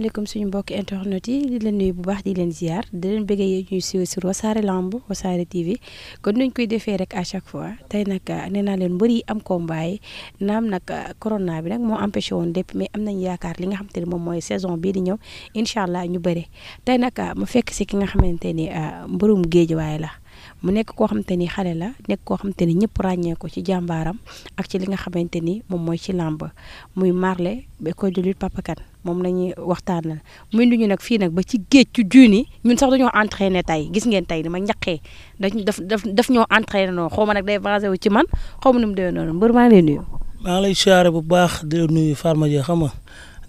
asalaamaaleykum suñu mbokk internet yi di leen nuyu bu baax di leen ziar di leen bëggee yéen ñuy siiw sur Wassare Lamb Wassare TV kon nuñ koy defee rek à chaque fois tey nag ah, nee naa leen mbër yi am ko yi naam nag ah, corona bi nag moo empêché woon lépp mais am nañu yaakaar li nga xamante ne moom mooy saison bii di ñëw incha allah ñu bëre tey nag ah, mu fekk si ki nga xamante ni mbërum géej waaye la. mu nekk koo xamante ni xale la nekk koo xamante ni ñëpp ràññee ko ci jàmbaaram ak ci li nga xamante ni moom mooy ci làmb muy marle école de lutte Papa Kane moom la ñuy waxtaanal muy nduñu nag fii nag ba ci géej ci juuni ñun sax dañoo entraîné tey gis ngeen tey dama ñaqee daf daf daf ñoo entraîné noonu xaw ma nag day basé wu ci man xaw ma nu mu dee noonu mbër maa ngi lay maa ngi lay siyaare bu baax di la nuyu Fatma Dieng xam nga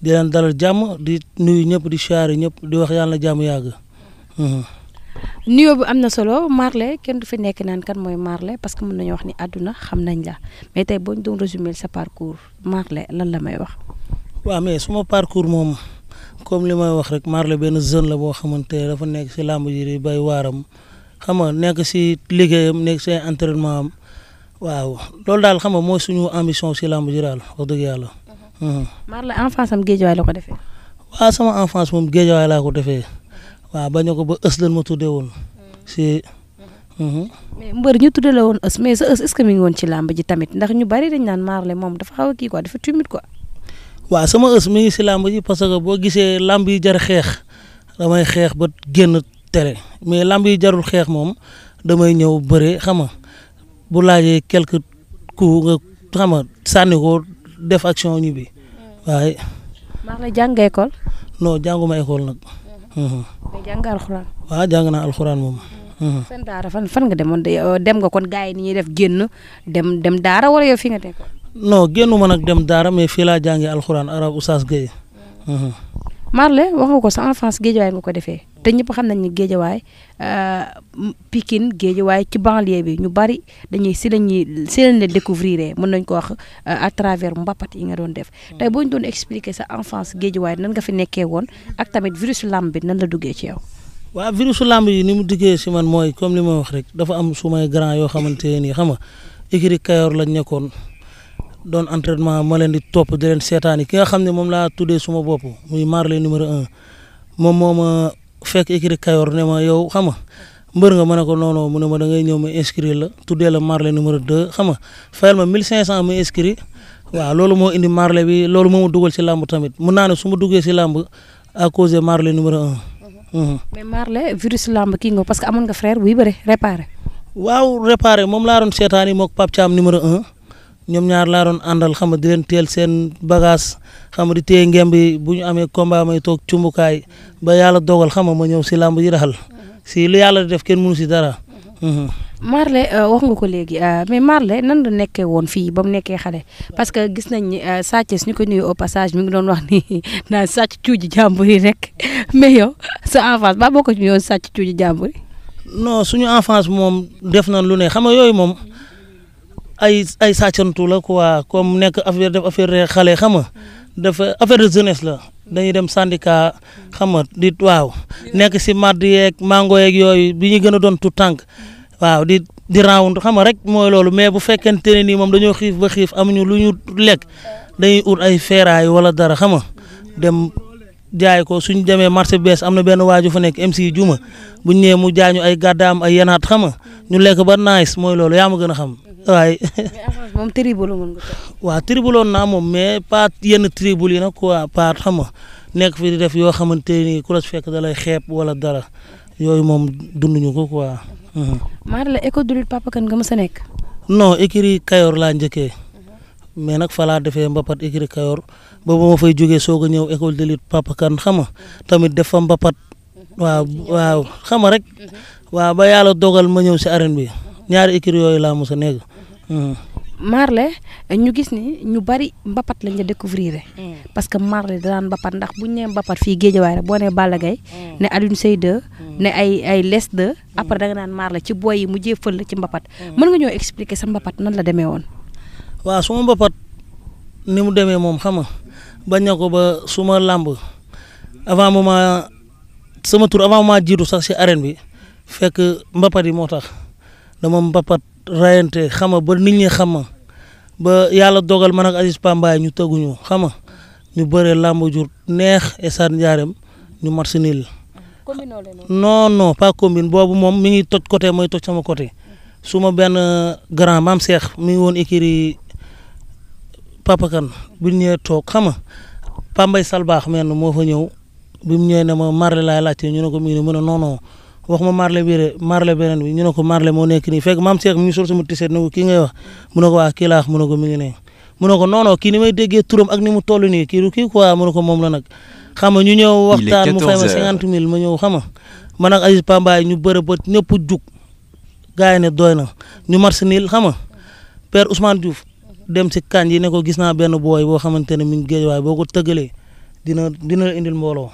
di leen dalal jàmm di nuyu ñëpp di siyaare ñëpp di wax yàlla na jàmm nuyoo bi am na solo Marley kenn du fi nekk naan kan mooy Marley parce que mën nañu wax ni àdduna xam nañ la mais tey boo ñu doon résumer sa parcours Marley lan la may wax. waaw mais suma parcours moom comme li may wax rek Marley benn jeune la boo xamante ne dafa nekk si làmb ji bay waaram xam nga nekk si liggéeyam nekk si entraînement waaw loolu daal xam nga mooy suñu ambition si làmb ji daal wax dëgg yàlla. Mhm. Mhm. Marley enfance am géejawaay la ko defee. waaw sama enfance moom géejawaay laa ko defee. waaw bañu ko ba ës lan ma tuddee woon si. Mhm. mais mbër ñu tuddee la woon ës mais ës est-ce que mi ngi woon ci làmb ji tamit ndax ñu bari dañ naan Marley moom dafa xaw a kii quoi dafa timide quoi. waaw sama ës mi ngi si làmb ji parce que boo gisee làmb yi jar xeex damay xeex ba génn tere mais làmb yi jarul xeex moom damay ñëw bëre xam nga bu laajee quelque coup nga xam ko def action ñu bi mm. waaye. Marley jàng nga école. non jànguma nag. mais jàng nga alxuraan. waaw jàng naa moom. Hmm. Hmm. seen daara fan fan nga demoon dem nga kon gars yi ni ñuy def génn dem dem daara wala yow fi nga teg ko. génn génnu nag dem daara mais fii laa jàngee alxuraan arab Oustaz Guèye. Hmm. Marley wax nga ko sa enfance géej waay nga ko defee. te ñëpp xam nañ ne géejawaay euh, Pikine géejawaay ci banlier bi ñu bari dañuy si lañuy si lañ la découvrir mën nañ ko wax euh, à travers mbappat yi nga doon def mm. tey boo ñu doon expliquer sa enfance géejawaay nan ga fi nekkee woon ak tamit virus làmb bi nan la duggee ci yow. waaw virusu làmb yi ni mu duggee si man mooy comme ni ma wax rek dafa am sumay grand yoo xamante nii xam nga écurie Kayor lañ nekkoon doon entraînement ma leen di topp di leen seetaan ki nga xam ne moom laa tuddee suma bopp muy Marley numéro un moo fekk écrit Kayor ne ma yow xam nga mbër nga ma ne ko noonu mu ne ma da ngay ñëw ma inscrire la tuddee la Marley numéro 2 xam nga fayal ma 1500 ma inscrit loolu moo indi Marley bi loolu moo ma dugal si làmb tamit mun naa ne su ma duggee si làmb à cause de Marley numéro 1. Mhm. Mhm. mais Marley virus làmb kii nga parce que amoon nga frère buy bëre réparé. waaw réparé moom laa doon seetaani mook Pape Thiam numéro 1. ñoom ñaar laa doon àndal xam nga di teel seen bagage xam nga di téye ngemb bi bu ñu amee combat may toog cumbukaay ba yàlla dogal xam ma ñëw si làmb yi raxal si lu yàlla def kenn mënu si dara. Mhm. Marley euh, wax nga ko léegi euh, mais Marley nan la nekkee woon fii ba mu nekkee xale parce que gis nañ ni euh, Sa Thiès ñu ko nuyu au passage mi ngi doon wax ni naa sàcc cuuji jàmbur yi rek mais yow sa enfance ba boo ko ci ñëwoon sàcc cuuji jàmbur yi. non suñu enfance moom def nañ lu ne xam yooyu moom. ay ay sàccantu la quoi comme nekk affaire def affaire xale xam nga dafa affaire de jeunesse la dañuy dem sandika xam nga di waaw nekk si màdd yeeg mango yeeg yooyu bi ñuy gën a doon tout tànk waaw di di round xam nga rek mooy loolu mais bu fekkente ne nii moom dañoo xiif ba xiif amuñu lu ñu lekk dañuy ut ay feeraay wala dara xam nga dem. jaay ko suñ demee marché bees am na benn waaju fa nekk MC Juma buñ ñëwee mu jaañu ay gàddaam ay yenaat xam nga ñu lekk ba nice mooy loolu yaa ma gën a xam waaye. moom tribul woon nga waaw tribuloon naa moom mais pas yenn tribul yi nag quoi pas xam nga nekk fi di def yoo xamante ni ku la fekk da lay xeeb wala dara yooyu moom dunduñu ko quoi. maa la école du lutte Papa Kane nga mës nekk. non écurie Kayor laa njëkkee. mais nag falaa defee mbapat igri Kayor ba ba ma fay jógee soog a ñëw école de lutte Papa Kane xama tamit def fa mbapat waaw waaw xama rek waaw ba yàlla dogal ma ñëw si arène bi ñaari écurie yooyu laa mos a nekk. Hmm. Marley ñu gis ni ñu bari mbapat lañ la découvrir hmm. parce que maar Marley daan mbapat ndax bu ñu nee mbapat fii Géejawaay waaye boo nee Balla Gaye hmm. ne Alioune Seye 2 ne ay ay les 2 après da nga naan Marley ci boy yi mu jéefal la ci mbapat mën nga ñoo expliquer sa mbapat nan la demee woon. waaw suma ma ni mu demee moom xam nga bañ na ko ba suma ma làmb avant moment sama tur avant moment jiitu sax si arène bi fekk mbapat yi moo tax dama mbappat rayante xam nga ba nit ñi xam nga ba yàlla dogal man ak Aziz Pambaay ñu tëgguñu xam nga ñu bëree làmb jur neex esaan njaareem ñu match nul noo non pas boobu moom mi ngi toj côté mooy toj sama côté suma benn grand maam seex mi ngi woon écurie Papa Kane bu ñëwee toog xam nga Pambay Sall baax mel moo fa ñëw bi mu ñëwee ne laa Marley laay ñu ne ko mu ne ma non non wax ma Marley bii Marley beneen bi ñu ne ko Marley moo nekk nii fekk maam Cheikh mi ngi sol sama tiset ne ko kii ngay wax mu ne ko waa ah, kii laa wax ko mi ngi ne mu ko non non kii ni may déggee turam ak ni mu toll nii kii du kii quoi mu ne ko moom la nag. xam nga ñu ñëw waxtaan mu fay ma cinquante mille ma ñëw xam nga man ak Aziz ñu bëre bat ñëpp jug gars yi ne doy na ñu marché niil xam nga père Ousmane dem si kañ yi ne ko gis naa benn booy boo xamante ne mi ngi géej waaye boo ko tëggalee dina dina la indil mbooloo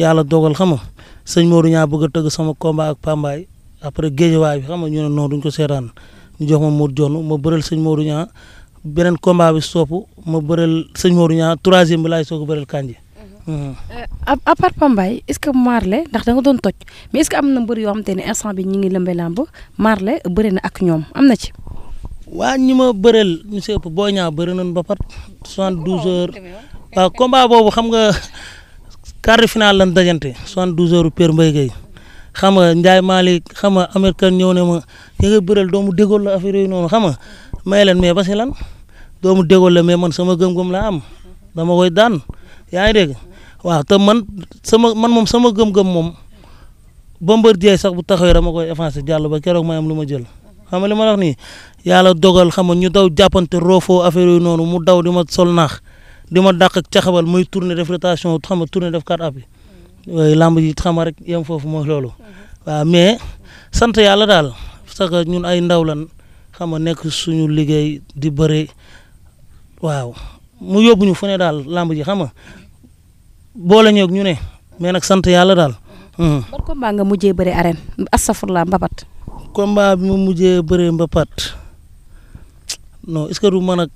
yàlla dogal xam nga sëñ Modou ñaa bëgg a tëgg sama combat ak après géejewaay bi xam nga ñu ne noonu duñ ko seetaan ñu jox ma Modou Dione ma bëreel sëñ Modou ñaa beneen combat bi soppu ma bëreel sëñ Modou ñaa troisième bi laay soog a bëreel Kandji. Euh, mhm. à part Pambaay est ce ndax da nga doon toj mais est ce que am na mbër yoo xamante ne instant bi ñu ngi lëmbee làmb Marley bëri na ak ñoom am na ci. waa ñi ma bëreel monsieur ëpp boo ñaa bëri nañ ba pat soixante douze oh, heures waaw boobu xam nga quart de finale lan dajante soixante douze heures Père Mbaye Gueye xam nga Ndiaye Malick xam nga américain ñëw ne ma ñi nga bëreel doomu dégool la affaire yooyu noonu xam nga may leen lan doomu dégool la mais man sama gëm-gëm laa am dama koy daan yaa ngi dégg waaw man sama man moom sama gëm-gëm moom Bombardier sax bu taxawee dama koy effacé jàll ba keroog may am ma jël xam nga li nii yàlla dogal xam ñu daw jàppante roofoo affaire yooyu noonu mu daw di ma sol naax di ma dàq ak caxabal muy tourné def rotation xam nga tourné def quatre appuis yooyu làmb ji xam rek yem foofu mooy loolu waaw mais sant yàlla daal parce que ay ndaw lan xam nga nekk suñu liggéey di bëre waaw mu yóbbu ñu fu daal làmb ji xam nga boole ñoog ñu ne mais nag sant yàlla daal. Hmm. ban combat nga mujjee bëre arène astafurlah mbapat. combat bi mu mujjee bëre mbapat. non est-ce que du man ak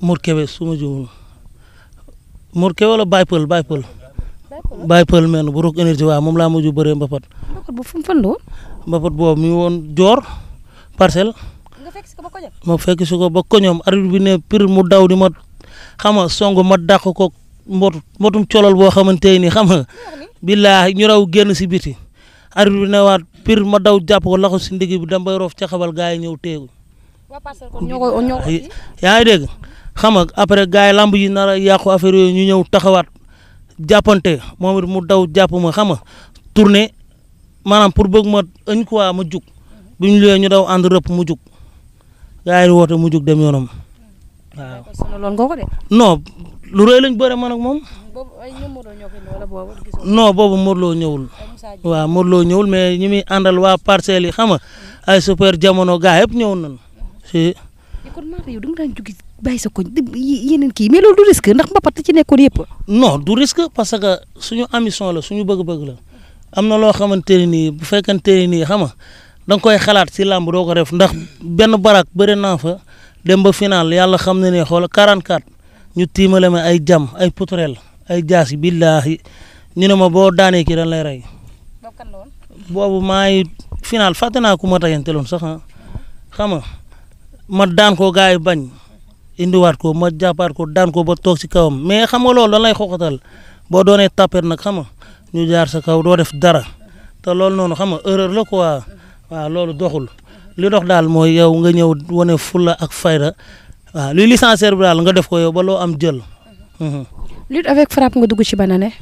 Mor Kébé su ma juumul Mor Kébé wala Baye Peul Baye Peul. Baye Peul meen bu rog énergie moom laa mujj bëree Mbapat. Mbapat bu fu mu woon. Mbapat boobu mi ngi woon Dior parcelle. nga fekk ko ba ko ñoom. ma fekk mu daw di ma xam nga song ma dàq ko mbot mbotum colol boo xamante ni xam nga. billaahi ñu raw génn si biti. arbitre bi waat pire ma daw jàpp ko laxu si ndig bi dama bay roof ca xabal gaa yi ñëw teegu. yaa ngi dégg xam nga après gars yi lamb yi nar a yàqu affaire yooyu ñu ñëw taxawaat jàppante moom it mu daw jàpp ma xam nga tourné maanaam pour bëgg ma ëñ ma jug bi ñu luyee ñu daw ànd rëpp mu jug gars yi woote mu jug dem yoonam waaw. lu rëy lañ bëre man ak moom. non boobu Modou Lo ñëwul. waaw Modou Lo ñëwul mais ñi muy àndal waa parcelles yi xam nga ay super jamono gars yëpp ñëw nañ si. kon Mate da nga daan jóg bàyyi sa koñ yeneen kii mais loolu du risque ndax mbapat ci nekkoon yëpp. non du risque parce que suñu ambition la suñu bëgg-bëgg la am na loo xamante ne nii bu fekkente ne nii xam nga da koy xalaat si làmb doo ko def ndax benn barak bëri naa fa dem ba final yàlla xam na ne xool 44 ñu tiimale ma ay jam ay poutrelle ay jaasi billaahi ñu ne ma boo daanee kii dañ lay rey. boobu maa ngi final fàtte naa ku ma tayanteloon sax ah ma daan ko gars yi bañ indiwaat ko ma jàppaat ko daan ko ba toog si kawam mais xam nga loolu lan lay xoxatal boo doonee tapet nag xam nga ñu jaar sa kaw doo def dara te loolu noonu xam nga erreur la quoi waaw loolu doxul li dox daal mooy yow nga ñëw wane fulla ak fayda lu li licencié bi daal nga def ko yow ba loo am jël. Mhm. lutte avec frappe nga dugg ci ban année.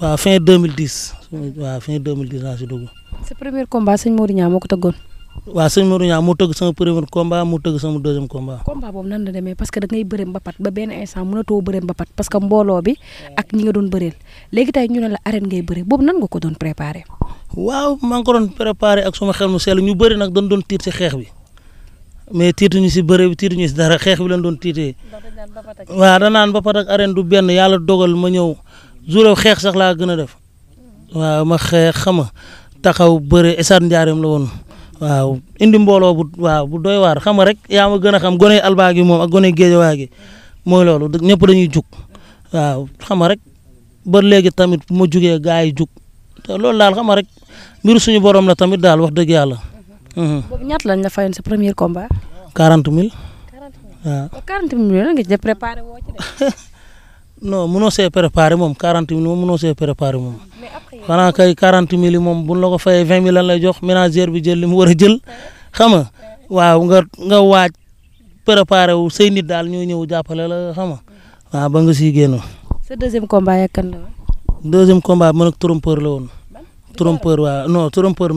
waaw fin 2010 waaw fin 2010 laa si dugg. sa premier combat sëñ Modou Niang moo ko tëggoon. waaw sëñ Modou Niang moo tëgg sama premier combat moo tëgg sama deuxième combat. combat boobu nan la demee parce que da ngay bëre mbapat ba benn instant mënatoo bëre mbapat parce que mbooloo ak ñi nga doon bëreel léegi tey ñu ne la arène ngay bëre boobu nan nga ko doon préparé. waaw maa ngi ko doon préparé ak suma xel mu sell ñu bëri nag dañ doon tiit si xeex bi mais tiituñu si bëre bi tiituñu si dara xeex bi lañ doon tiitee. waaw danaan mbapat ak arène du benn yàlla dogal ma ñëw juróom xeex sax laa gën a def. waaw ma xeex xama taxaw bëre Esat Ndiarème la woon waaw indi mbooloo bu waaw bu doy waar xam nga rek yaa ma gën a xam gone albaa gi moom ak gone géejawaay gi mooy loolu ñëpp dañuy jug waaw xam nga rek ba léegi tamit bu ma jugee gars yi jug te loolu daal xam nga rek mbiru suñu borom la tamit daal wax dëgg yàlla. Mhm. boobu ñaata lañ la fayoon sa premier combat. quarante mille. waaw quarante mille lan nga ci préparé see préparé moom quarante mille moom mënoo see préparé moom. xanaa kay quarante mille moom bu ñu la ko fayee vingt lan lay jox ménagère bi jël li mu war a jël xam nga waaw nga nga waaj préparé wu say nit daal ñoo ñëw jàppale la xam nga waaw ba nga siy génn. sa deuxième combat yaa kan la woon. la woon. trompeur waaw non trompeur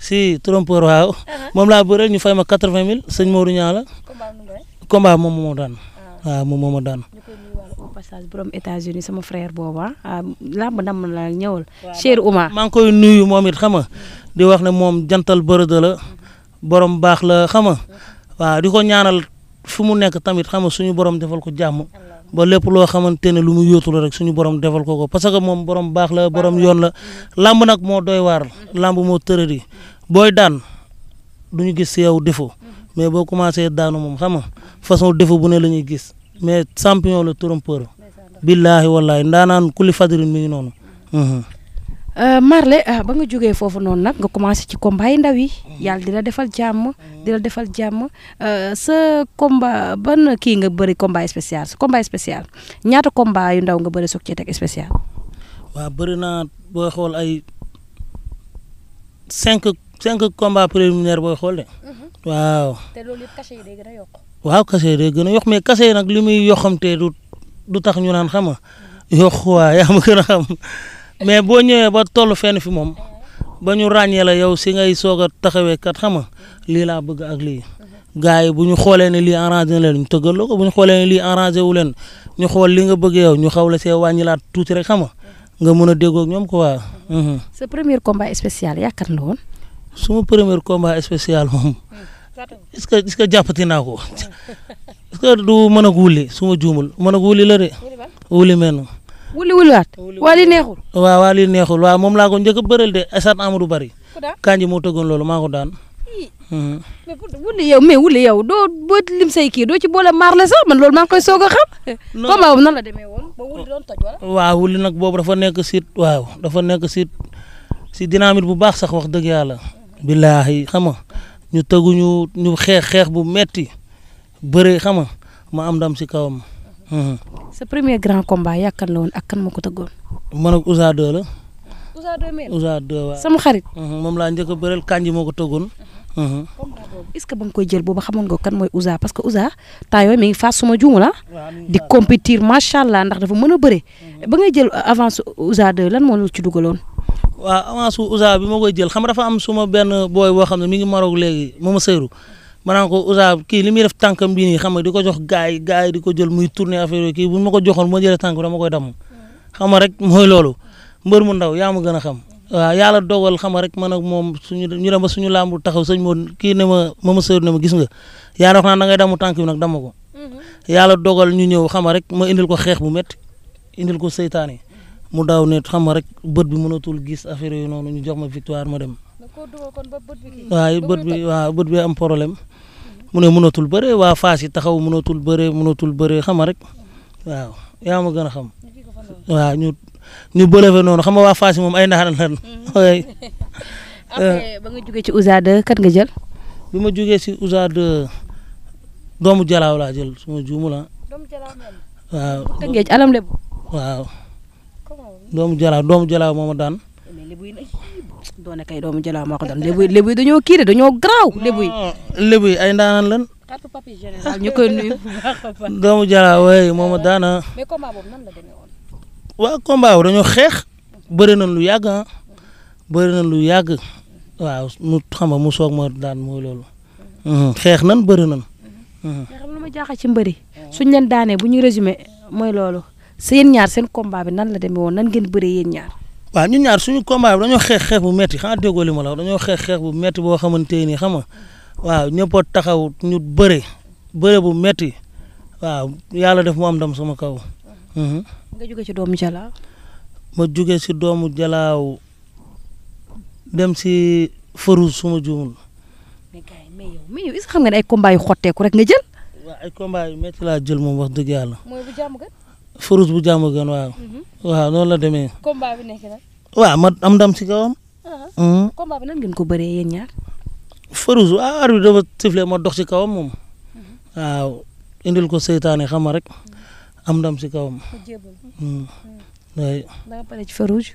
si trompeur waaw. Uh-huh. moom laa bëre ñu fay ma quatre vingt mille sëñ Modou Niang combat moom moo daan. waaw ah. ah, moom moo ma daan. au passage borom États-Unis sama frère booba ah, làmb ndam la ñëwal. cher Ouma. maa ngi koy nuyu moom it xam nga di wax ne moom jantal bërëda la borom baax la xam nga waaw di ko ñaanal fu mu nekk tamit xam nga suñu borom defal ko jàmm. ba lépp loo xamante ne lu mu yóotu la rek suñu borom defal ko ko parce que moom borom baax la borom yoon la làmb nag moo doy waar làmb moo tëradi booy daan du ñu gis si façon défaut bu la ñuy gis mais champion la trompeur. billaahi wallaahi ndaanaan kulli fadrin mi ngi noonu. Mhm. Euh, Marley ah, ba nga jógee foofu noonu nag nga commencé ci combat yi ndaw yi yàlla di la defal jàmm di la defal jàmm euh, sa combat ban kii nga bëri combat spécial sa combat spécial ñaata combat yu ndaw nga bëri soog cee teg spécial. waaw naa booy xool ay cinq cinq combat préliminaire booy xool de. Mhm. waaw. waaw kase day gën a yox mais kase nag li muy yoxamtee du du tax ñu naan xama nga yox waa yaa ma gën a xam mais boo ñëwee ba toll fenn fi moom ba ñu ràññee la yow si ngay soog a taxawee kat xam nga lii laa bëgg ak lii. gars yi bu ñu xoolee ne lii arrangé na leen ñu tëggal la ko bu ñu xoolee lii arrangé wu leen ñu xool li nga bëgg yow ñu xaw la see wàññilaat tuuti rek xam nga nga mën a déggoo ak ñoom quoi. Mhm. sa premier combat spécial yaakaar la woon. suma premier combat spécial mo est-ce que naa ko est-ce que du mën a wuli su ma juumul mën a wuli la de. wuli meen. wuli wuliwaat. waa neexul. waaw waa neexul wa moom laa ko njëkk a bëreel de Assane Amadou Bari. kanji moo tëggoon loolu maa ko daan. Mhm. mais wuli yow doo boo lim kii doo ci boole maar sax man loolu maa koy soog a xam. la demee woon ba wuli doon nag boobu dafa nekk si waaw dafa nekk si si dynamique bu baax sax wax dëgg yàlla. billaahi xam ñu tëguñu ñu xeex xeex bu metti bëre xam nga ma am ndam si kawam. Mhm. sa premier grand combat yaakaar la woon ak kan moo ko tëggoon. man ak Ousa Dóo la. Ousa Dóo mel Ousa Dóo waaw sama xarit. Mhm, moom laa njëkk a bëreel kanji moo ko tëggoon. Mhm. est-ce que ba nga koy jël booba xamoon nga kan mooy Ousa parce que Ousa temps yooyu mi ngi faas suma juumu la di compétir macha allah ndax dafa mën a bëre. ba ngay jël avance Ousa Dóo lan moo la ci dugaloon. waaw avance usa bi ma koy jël xam nga dafa am suma benn booy boo xam ne mi ngi Maroc léegi mooma sëyru ma naan ko kii li muy def tànkam bii nii xam nga di ko jox gars yi gars yi di ko jël muy turne affaire kii ma ko joxoon ma jëlee tànk bi dama koy damm xam nga rek mooy loolu mbër mu ndaw yaa ma gën a xam waaw yàlla dogal xam nga rek man ak moom suñu ñu dem ba suñu làmbu taxaw sëñ moo kii ne ma mama sëyru ne ma gis nga yàlla wax naa da ngay damu tànk bi nag damm ko mhm. yàlla dogal ñu ñëw xam nga rek ma indil ko xeex bu métti indil ko seytaane mu daaw ne xam nga rek bët bi mënatul gis affaire yooyu noonu ñu jox ma victoire ma dem. waaye bët bi waaw bët bi am problème mu ne mënatul bëree waa Fass yi taxaw mënatul bëree mënatul bëree xam nga rek waaw yaa ma gën a xam waaw ñu ñu bëlëfe noonu xam nga waa Fass yi moom ay ndaxaan lan. Mm-hmm. après ba nga jugee ci Ouza 2 kat nga jël. bi ma jugee si Ouza 2 doomu Jalaaw laa jël suma ma juumu ah. la waaw. doomu Jalaaw doomu Jalaaw moo ma daan. lébu yi nag doone kay doomu Jalaaw moo ko daan dañoo kii dañoo garaaw lébu yi. lébu yi ay ndaanaan lan. carte papi général ñu koy nuyu. doomu Jalaaw waaye moo ma daan. Ah. mais combat boobu nan dañoo xeex. bëri lu yàgg ah. lu yàgg. waaw mu xam nga mu soog ma daan mooy loolu. xeex nan bëri nan. mais xam lu ma jaaxal ci bu ñu résumé mooy loolu. seen ñaar seen combat bi nan la demee woon nan ngeen bëree yéen ñaar. waaw ñun ñaar suñu combat bi dañoo xeex xeex bu metti xanaa déggoo li ma la dañoo xeex xeex bu metti boo xam nga waaw ñëpp taxaw ñu bëre bëre bu metti waaw def mu am ndam sama kaw. Mhm. nga jóge ci doomu Jalaaw. ma jóge si doomu Jalaaw dem si Farouz suma juumul. mais gars yi mais yow mais yow est xam nga ne ay combat yu xotteeku rek nga jël. ay combat yu metti laa jël moom wax dëgg yàlla. Farouz bu jàmm gën waaw. Mhm. waaw noonu la demee. combat bi nekk nag. waaw ma am ndam si kawam. Ah. Mhm. combat bi nan ngeen ko bëree yéen ñaar. Farouz waaw arbitre bi dafa sifflé ma dox si kawam moom. Mhm. waaw indil ko seytaane xama rek am ndam si kawam. waaye. da nga pare ci Farouz.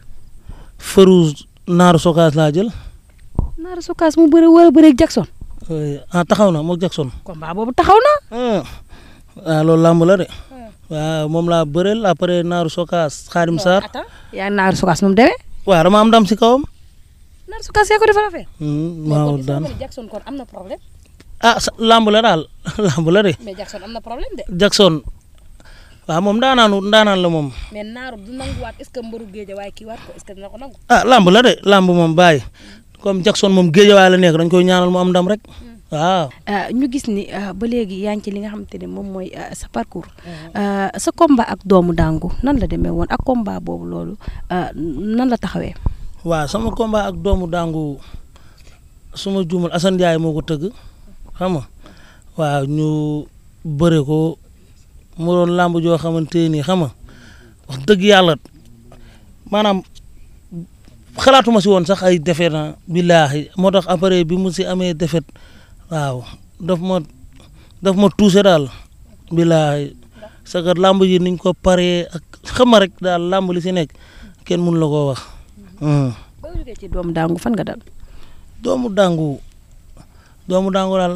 Farouz naaru sokaas laa jël. naaru sokaas mu bëre war a bëre ak Jackson. ah taxaw na moog ah. ah, de. waaw moom laa bëreel après Naaru Sokaas Xaarim Sarr. yaa Naaru Sokaas nu am dam si kawam. aa Sokaas yaa ko hmm, am na problème. ah la daal làmb la de. mais Jackson am na problème de. Jackson waaw daanaan la moom. mais Naaru du nanguwaat est-ce que mbëru géejawaay kii waat ko est-ce ah, la de làmb moom bàyyi comme Jackson moom géejawaay la nekk dañ koy ñaanal mu am ndam rek. Hmm. waaw. Euh, ñu gis ni euh, ba léegi yaa ngi ci li nga xamante ne moom mooy euh, sa parcours. Mm-hmm. sa combat ak doomu dàngu nan la demee woon ak komba boobu loolu nan la taxawee. waaw sama combat ak doomu dàngu suma juumal Assane Ndiaye moo ko tëgg xam nga waaw ñu bëre ko mu làmb joo xamante ni xam nga wax dëgg yàlla maanaam. xalaatuma si woon sax ay defet na billaahi moo tax après bi mu si amee defet waaw daf ma daf ma touché daal bilaay sa kër làmb ji niñ ko paree ak xama rek daal làmb li si nekk kenn mun la koo wax. Hmm. ba ci doomu dàngu fan nga dal. doomu dàngu doomu dàngu daal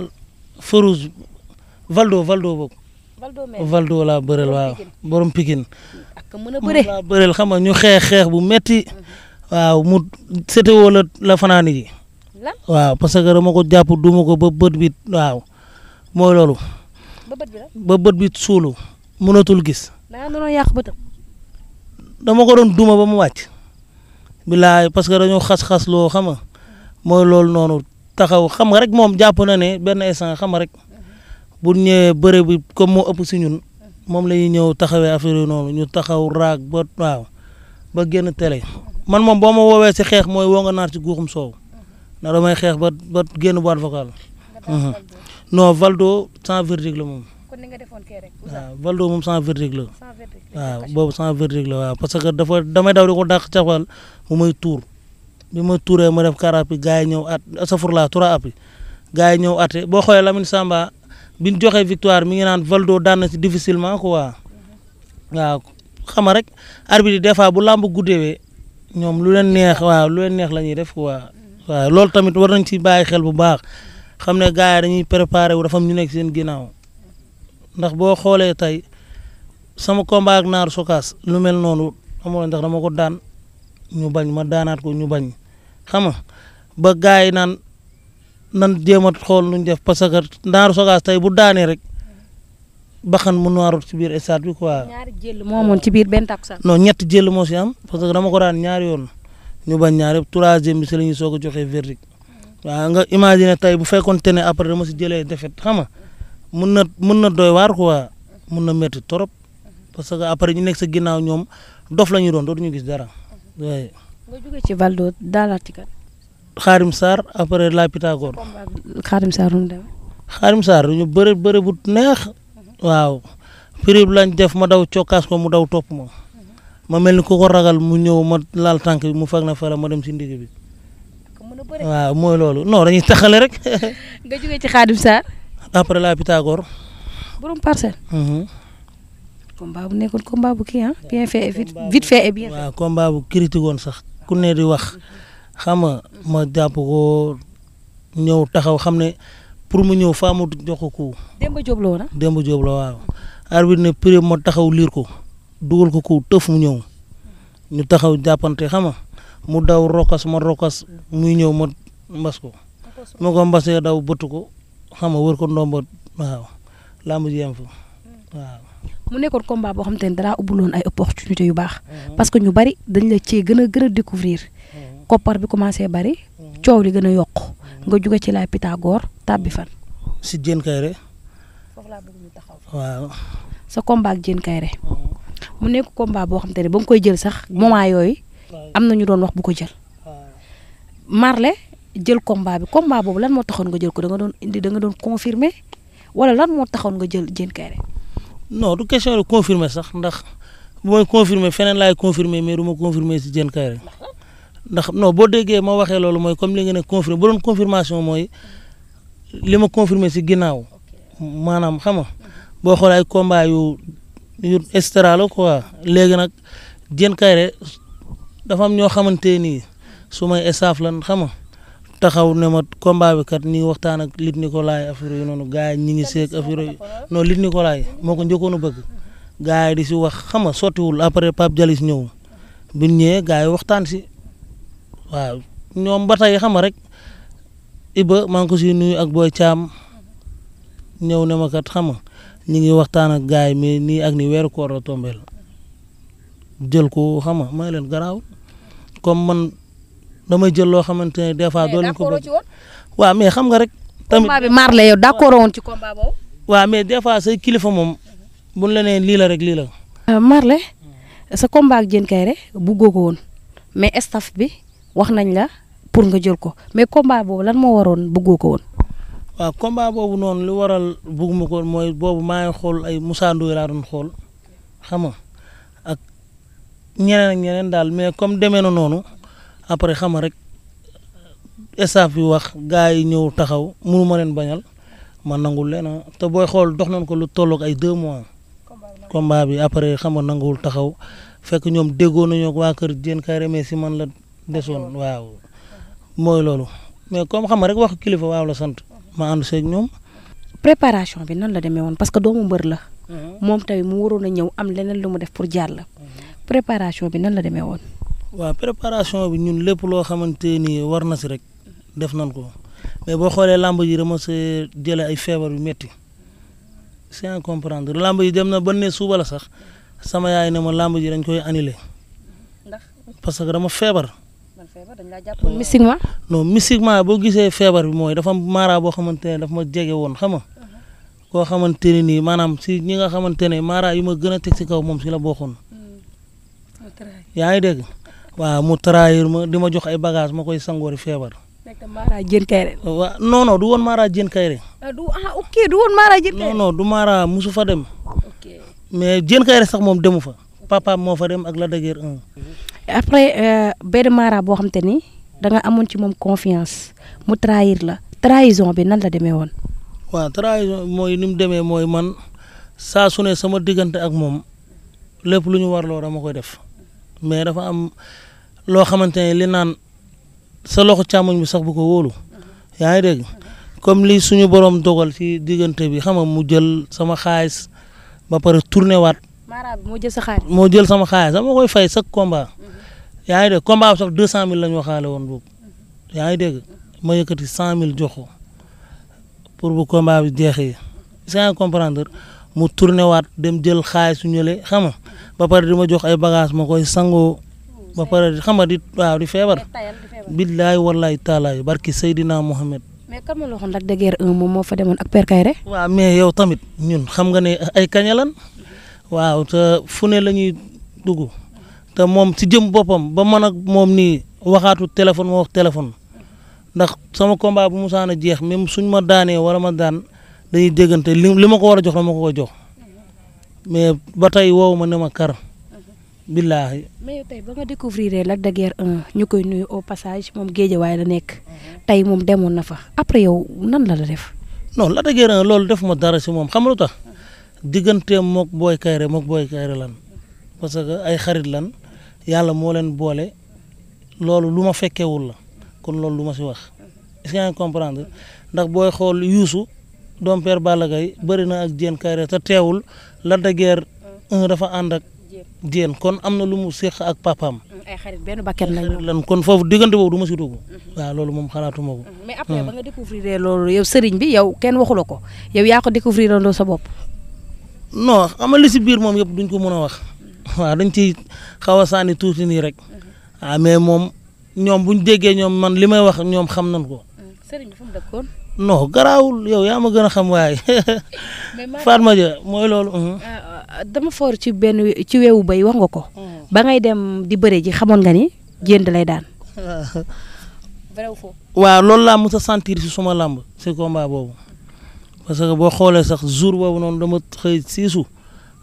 Farouz Valdo Valdo boog. Valdo laa bëreel waaw borom Pikine. ak mën a bëre laa xam nga ñu xeex xeex bu metti hmm. waaw mu setewoo la la fanaani ji. lan. waaw parce que dama ko jàpp duma ko ba bët bi waaw mooy loolu. ba bët ba bët bi suulu mënatul gis. da nga ko doon duma ba mu wàcc. bilaay parce que dañoo xas-xas loo xam nga mooy loolu noonu taxaw xam nga rek moom jàpp na ne benn instant xam nga rek bu ñëwee bëre bi comme moo ëpp si ñun moom la ñuy ñëw taxawee affaire yi noonu ñu taxaw raag ba waaw ba génn télé man moom boo ma woowee si xeex mooy nga naar ci guuxum soow na damay xeex ba ba génn boîte vocale non Valdo sans verdict la moom. kon ni nga defoon kii rek. waaw Valdo moom sans verdict la. waaw boobu sans verdict la waaw parce que dafa damay daw di ko dàq caxal mu may tuur bi ma tuuree ma def car rapide gars yi ñëw at safurlaa trois appuis gars yi ñëw atte boo xoolee Lamine Samba bi ñu victoire mi ngi naan Valdo daan na ci difficilement waaw xama rek arbitre yi des fois bu làmb ñoom lu leen neex waaw lu leen neex waaw loolu tamit war nañ ci bàyyi xel bu baax xam ne gars yi dañuy préparé wu dafa am ñu nekk seen ginnaaw ndax boo xoolee tey sama combat ak naar sokaas lu mel noonu amoo ndax dama ko daan ñu bañ ma daanaat ko ñu bañ xam nga ba gars yi naan nan jéem a xool nuñ def parce que naar sokaas tey bu daanee rek baxan mu noirut ci biir stade bi ko ñaari jël moo amoon ci biir benn takkusaan. ñetti jël moo si parce que dama ko daan ñaari yoon. ñu bañ ñaar yëpp troisième bi si la ñuy soog a joxe verdict waaw nga imaginer tey bu fekkoon te ne après dama si jëlee defet xam nga mun na mun na doy waar quoi mun na metti trop parce que après ñu nekk sa ginnaaw ñoom dof la ñu doon ñu gis dara waaye. nga jógee ci Valdo daalaati kat. Xaarim la Pythagore. Xaarim Sarr nu mu demee. Xaarim Sarr ñu bëre bëre bu neex. Mhm. waaw prix lañ def ma daw cokkaas ko mu daw topp ma ma mel ni ku ko ragal mu ñëw ma laal tànk mu fag na fa ma dem si ndig bi. waaw mooy loolu non dañuy taxale rek. nga jógee ci Khadim après la Pythagore. borom parcelle. Mhm. combat bu nekkoon bu kii ah. bu critique woon sax ku ne di wax xam ma jàpp ko ñëw taxaw xam ne pour mu ñëw faa mu jox ku. Demba Diop la waaw. arbitre ne prix ma taxaw liir ko. dugal ko ko tëf mu ñëw ñu taxaw jàppante xam nga mu daw rokas ma rokas muy ñëw ma mbas ko ma ko mbasee daw bëtt ko xam nga wër ko ndomba waaw làmb ji yem fa mu nekkoon combat boo xam te ne danaa ubbuloon ay opportunité yu baax. parce que ñu bari dañ la cee gën a gën a découvrir. koppar bi commencé bari. coow li gën a yokk nga jóge ci la Pythagore tàbbi fan. si Diène Kairé. laa bëgg waaw. sa combat ak Diène mu nekk combat boo xam te ne ba koy jël sax moment yooyu am na ñu doon wax bu ko jël Marley jël combat bi combat boobu lan moo taxoon nga jël ko da doon indi danga doon confirmer wala lan moo taxoon nga jël Diène Kaïré non du question de confirmer sax ndax booy confirmer feneen laay confirmer mais ma confirmer si Diène Kaïré ndax non boo déggee ma waxee loolu mooy comme li nga ne confirmer bu doon confirmation mooy li ma confirmer si ginnaaw maanaam xam nga boo xoolee ay combat yu ko la quoi léegi nag Diène Kaïré dafa am ñoo xamante nii su may staff lan xama taxaw ne ma combat bi kat ñi ngi waxtaan ak Luc Nicolaï affaire yi noonu gars yi ñi ngi seeg affaire yi non Luc Nicolaï moo ko njëkkoon a bëgg gars yi di si wax xama sottiwul après Pape Jalis ñëw bu ñëwee gars yi waxtaan si waaw ñoom ba tey xama rek Iba maa ngi nuyu ak Boy caam ñëw ne ma kat xama ñu ngi waxtaan ak gars yi mais nii ak ni weeru koor la tombeel jël ko xam nga may leen garaaw comme man damay jël loo xamante ne des fois. doo leen ko bëgg waaw mais xam nga rek. tamit combat bi maar la yow d'accord woon ci combat boobu. waa mais des fois say kilifa moom buñ la nee lii la rek lii la. Euh, Marley sa combat ak Diène Kairé buggoo ko woon mais staff bi wax nañ la pour nga jël ko mais combat boobu lan moo waroon buggoo ko woon. waaw combat boobu noonu lu waral bugguma ko mooy boobu maa ngi xool ay Moussa laa doon xool xam nga ak ñeneen ak ñeneen daal mais comme demee na noonu après xam nga rek staff bi wax gars yi ñëw taxaw mënu ma leen bañal ma nangul leen ah, te booy xool dox nañ ko lu tolloog ay deux mois. combat bi après xam nga nanguwul taxaw fekk ñoom déggoo nañoo waa kër Diène Kaïré Rémy si man la desoon waaw mooy loolu mais comme xam nga rek wax kilifa waaw la sant. ma ànd seeg ñoom. préparation bi nan la demee woon parce que doomu mbër la. Mhm. moom tey mu waroon a ñëw am leneen lu mu def pour jaar la mhm. préparation bi nan la demee woon. waaw préparation bi ñun lépp loo xamante ni war na si rek def nañ ko mais boo xoolee làmb ji dama sa jëlee ay feebar yu métti c'est à comprendre làmb ji dem na ba ne la sax sama yaay ne ma làmb ji dañ koy annulé. ndax parce que dama feebar. feebar dañ laa jàppoon ma non mystiquement boo gisee feebar bi mooy dafa maara boo xamante ne daf ma jege woon xama nga uh-huh. koo xamante ne nii maanaam si ñi nga xamante ne mara yu ma gën a teg si kaw moom si la bokkoon. Mm. yaa ngi dégg waaw mu trahir ma di ma jox ay bagage ma koy sangoori feebar. nekk Mara Diène du woon Mara Diène Kairé. Ah, du ah ok du woon musu fa dem. mais Diène Kairé sax moom demu fa. papaam moo fa dem ak la dëgër un. après euh, benn mara boo xam te ni da nga amoon ci moom confiance mu trahir la trahison bi nan la demee woon. waaw trahison mooy ni mu demee mooy man saa su ne sama diggante ak moom lépp lu ñu warloo dama koy def mais dafa am loo xamante ne li naan sa loxo càmmoñ bi sax bu ko wóolu yaa ngi dégg comme lii suñu borom dogal ci diggante bi xam nga mu jël sama xaalis ba pare tourné waat. mara moo jël sa xaalis. moo jël sama xaalis dama koy fay chaque combat. yaa ngi dégg combat bi deux cent mille la ñu waxaale woon boobu yaa ngi dégg ma yëkkati cent mille jox ko bu combat bi jeexee est-ce mu tourné waat dem jël xaalis su ñële xam nga ba pare di ma jox ay bagage ma koy sangoo ba pare di xam nga di waaw di feebar. billaay wallaay taalaay barki Seydina Mohamed. mais kan ma la waxoon rek de guerre moom moo fa demoon ak Père Kayre. waaw mais yow tamit ñun xam nga ne ay kañalan waaw te fu la ñuy dugg. te moom si jëm boppam ba man ak moom nii waxaatu téléphone ma wax téléphone ndax sama combat bu musaan a jeex même suñ ma daanee wala ma daan dañuy déggante li li ma ko war a jox ma ko ko jox mais ba tey wow ma ne ma kar billaahi. mais tey ba nga découvrir Lac de Guiers 1 ñu koy nuyu au passage moom géej waaye la nekk tey moom demoon na fa après yow nan la la def. non Lac loolu def ma dara si moom xam lu tax digganteem mook booy kayre mook booy kayre lan parce que ay xarit lan yàlla moo leen boole loolu lu ma fekkewul la kon loolu lu ma si wax est-ce que yaa ngi ndax booy xool yuusu doom père Balla Gaye na ak Diène Kaïré te teewul Lac de Guiers dafa ànd ak Diène kon am na lu mu séq ak papaam. Mm, ay xarit benn bakkan lañu lan kon foofu diggante boobu du ma si dugg. waaw loolu moom xalaatuma ko. Mm-hmm. mais après mm. ba nga découvrir loolu yow sëriñ bi yow kenn waxu ko yow yaa ko découvrir loolu sa bopp. no ama nga si biir moom yëpp duñ ko mën a wax. waaw dañ ciy xaw a sànni tuuti nii rek mhm. a ah, mais moom ñoom bu ñu déggee ñoom man li may wax ñoom xam nañ ko. Mm. sëriñ bi fu mu dëkkoon. non garaawul yow yaa ma gën a xam waaye. Fatma Dia mooy loolu. Mhm. Ah, ah, dama foor ci benn ci weewu bay wax nga ko. Mm. ba ngay dem di bëre ji xamoon nga ni jënd lay daan. waaw loolu laa mos a sentir si suma làmb si combat boobu parce que boo xoolee sax jour boobu noonu dama xëy siisu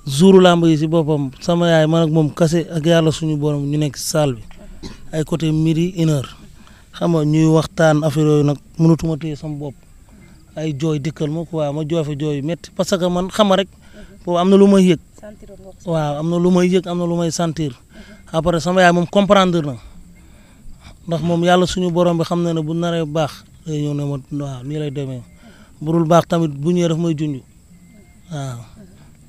jouru làmb yi si boppam sama yaay man ak moom kase ak yàlla suñu borom ñu nekk si salle bi ay côté midi une xam nga ñuy waxtaan affaire yooyu nag mënatuma téye sama bopp ay jooy dikkal ma quoi ma jooy fa jooy metti parce que man xam rek boobu am na lu may yëg. waaw am na lu may yëg am na lu may sentir après sama yaay moom comprendre ndax moom yàlla suñu borom bi xam na ne bu naree baax day ñëw ma waaw nii lay demee burul baax tamit bu ñëwee daf may junj waaw.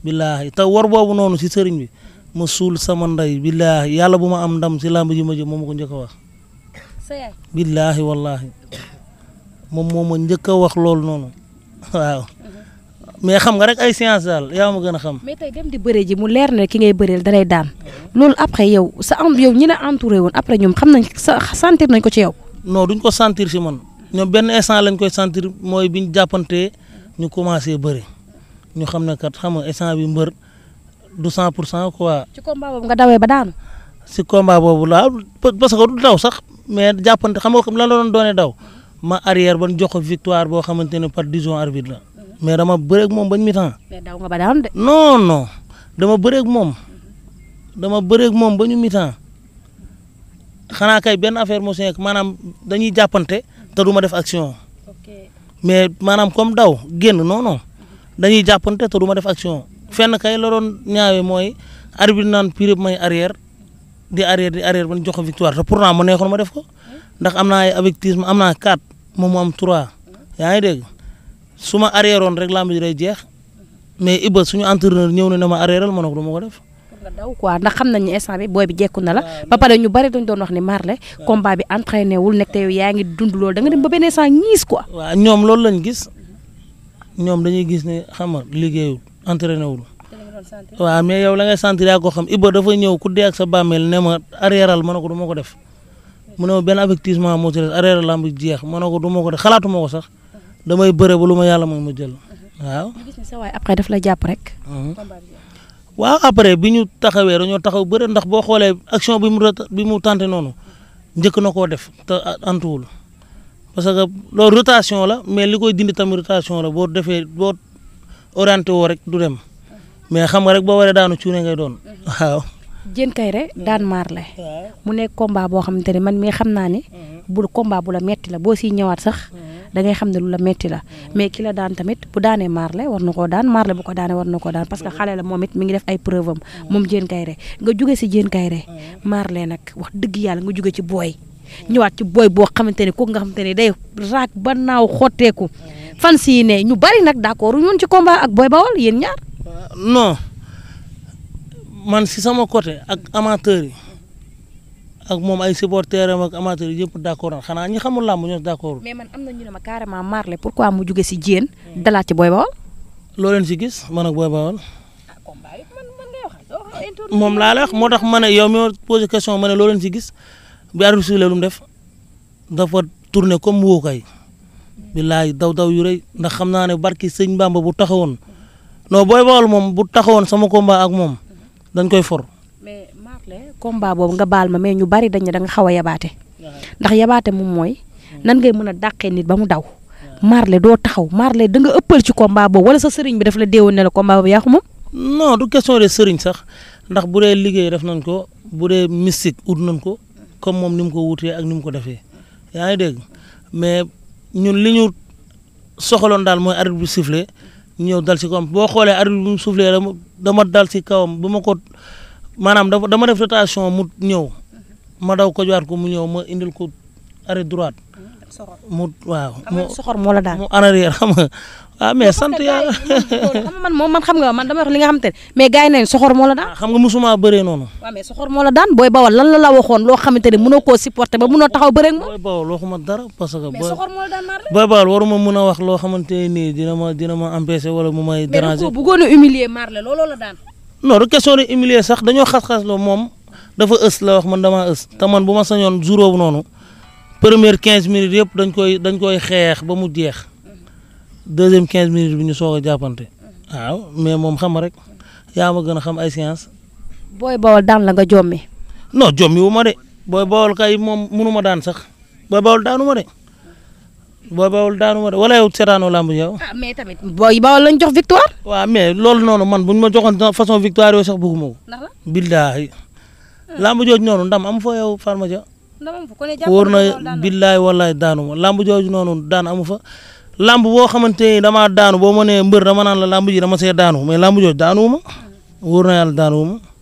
billaahi taw war boobu noonu si sëriñ bi ma suul sama ndey billaahi yàlla bu ma am ndam si làmb ji ma jëm moom ma ko njëkk a wax. billaahi wallaahi moom moo ma njëkk a wax loolu noonu mais xam nga rek ay science daal yaa ma gën a xam. mais tey dem di bëre ji mu leer na ki ngay bëreel daray daan loolu après yow sa am yow ñi la entouré woon après ñoom xam nañ sa sentir nañ ko ci yow. non duñ ko sentir si ñoom benn instant lañ koy sentir mooy biñ jàppante ñu commencé bëri. ñu xam ne kat xam nga instant bi mbër du cent pour cent quoi. ci combat boobu nga dawee ba daanu. si combat boobu laa parce que du daw sax mais jàppante xam nga lan la doon doone daw ma arrière ban jox ko victoire boo xamante ne par disons arbitre la mais dama bëreeg moom bañ mi temps. mais daw nga ba daanu dama bëreeg moom dama bëreeg moom ba ñu mi xanaa kay benn affaire moo si nekk maanaam dañuy jàppante te du ma def action mais maanaam comme daw génn non non. dañuy jàppante te du ma def action fenn kay la doon ñaawe mooy arbitre naan pire may arrière di arrière di arrière ba ñu jox ko victoire te pourtant mu neexoon ma def ko ndax am naa ay am naa quatre mu am trois yaa ngi dégg su ma arrière woon rek lamb ji jeex mais Iba suñu entraîneur ñëw na ne ma arrière ma ne ma ko def. nga nañ ne instant bi booy na la ba pare ñu bari dañ doon wax ni Marley combat bi entraîné wul nekk te yow yaa ngi dund loolu da nga dem ba benn instant ñiis quoi. waaw ñoom loolu lañ gis ñoom dañuy gis ne xam nga liggéeyul entraîné wul. waaw mais yow la ngay sentir yaa ko xam Iba dafa ñëw ku dee ak sa bàmmeel ne ma arrièral ma ko du ko def mu ne benn avertissement moo ci des arrièral lamb jeex ma ne ko du ko def sax damay bëre ba ma yàlla mooy ma jël waaw. après daf la jàpp rek. Mhm. waaw après bi ñu taxawee dañoo taxaw bëre ndax boo xoolee action bi mu bi mu tenté noonu njëkk na koo def te antuwul. parce que loolu rotation la mais li koy dindi tamit rotation la boo defee boo orienté woo rek du dem mais xam nga rek boo waree daanu cuune ngay doon mhm. waaw. Diène Kairé daan Marley mu nekk combat boo xamante ne man mii xam naa ne mhm. bu combat bu la metti la boo siy ñëwaat sax mhm. da ngay xam ne lu la la mais ki daan tamit bu daanee Marley war na koo daan maar Marley bu ko daanee war na ko daan parce que xale la moom it mi ngi def ay preuve moom Diène Kairé nga jóge si Diène Kairé le nag wax dëgg yàlla nga jóge ci booy. ñëwaat ci booy boo xamante ne kooku nga xamante ne day raak ba naaw xotteeku fan si ne ñu bari nag d'accord ñun ci combat ak booy bawol yéen ñaar. Euh, non man si sama côté ak amateurs yi ak moom ay supporters am ak amateurs yi yëpp d'accord na xanaa ñi xamul làmb ñoo d'accord. mais man am na ñu ne ma carrément Marley pourquoi mu jóge si Diène dalaat ci booy bawol. loo leen si gis man ak booy bawol. Ah, moom laa moo tax ma ne yow mi posé question ma bi arbitre sifflé lu mu def dafa tourné comme wóokay billaay daw daw yu ndax xam naa ne barki sëñ Bamba bu taxawoon non booy bawal moom bu taxawoon sama combat ak moom dañ koy for. mais Marley combat boobu nga baal ma mais ñu bari dañ ne da xaw a yabaate. ndax yabaate moom mooy. nan ngay mën a dàqee nit ba mu daw. Marley doo taxaw Marley da nga ëppal ci combat boobu wala sa sëriñ bi daf la deewoon la combat boobu yaa ko moom. non du question de sëriñ sax ndax bu dee liggéey def nañ ko bu dee mystique nañ ko comme moom ni mu ko wutee ak ni ko defee yaa ngi dégg mais ñun li ñu soxaloon daal mooy arbitre bi sifflé ñëw dal si kawam boo xoolee arbitre bi mu sifflé dama dal si kawam bu ma ko maanaam dama def rotation mu ñëw ma daw ko joxaat ko mu ñëw ma indil ko arrêt droite mu waaw mu soxor moo ah mais sant yàlla man moom man xam nga man dama wax li nga xam te mais gars yi nañ soxor moo la daan ah, xam nga musuma bare noonu waaw mais soxor moo la lan la la waxoon loo xamante ne mënoo koo supporter ba mënoo taxaw bëree ak moom booy bawal waxuma dara parce que a loo xamante nii dina ma dina ma empêcher wala mu may déranger mais bëggoon a humilier maar looloo la daan non du question de humilier sax dañoo xas-xas loo moom dafa ës la wax man damaa ës te man bu ma sañoon juróom noonu première quinze minutes yëpp dañ koy dañ koy xeex ba mu jeex deuxième quinze minutes bi ñu soog a jàppante mais moom xam rek yaa ma gën a xam ay science. booy bawol daan la nga jommi. non jommi wu ma de booy bawol kay moom munu ma daan sax booy bawol daanu ma de booy bawol daanu ma de wala yow seetaanoo làmb yow. ah bawol lañ jox victoire. waaw mais loolu noonu man buñ ma joxoon façon victoire yooyu sax bëgguma ko. la billaahi. Hmm. làmb jooju noonu ndam am fa noonu daan amu fa. làmb boo xamante ni damaa daanu boo ma nee mbër dama naan la làmb ji dama see daanu mais làmb jooju daanuwuma wóor na yàlla daanuwuma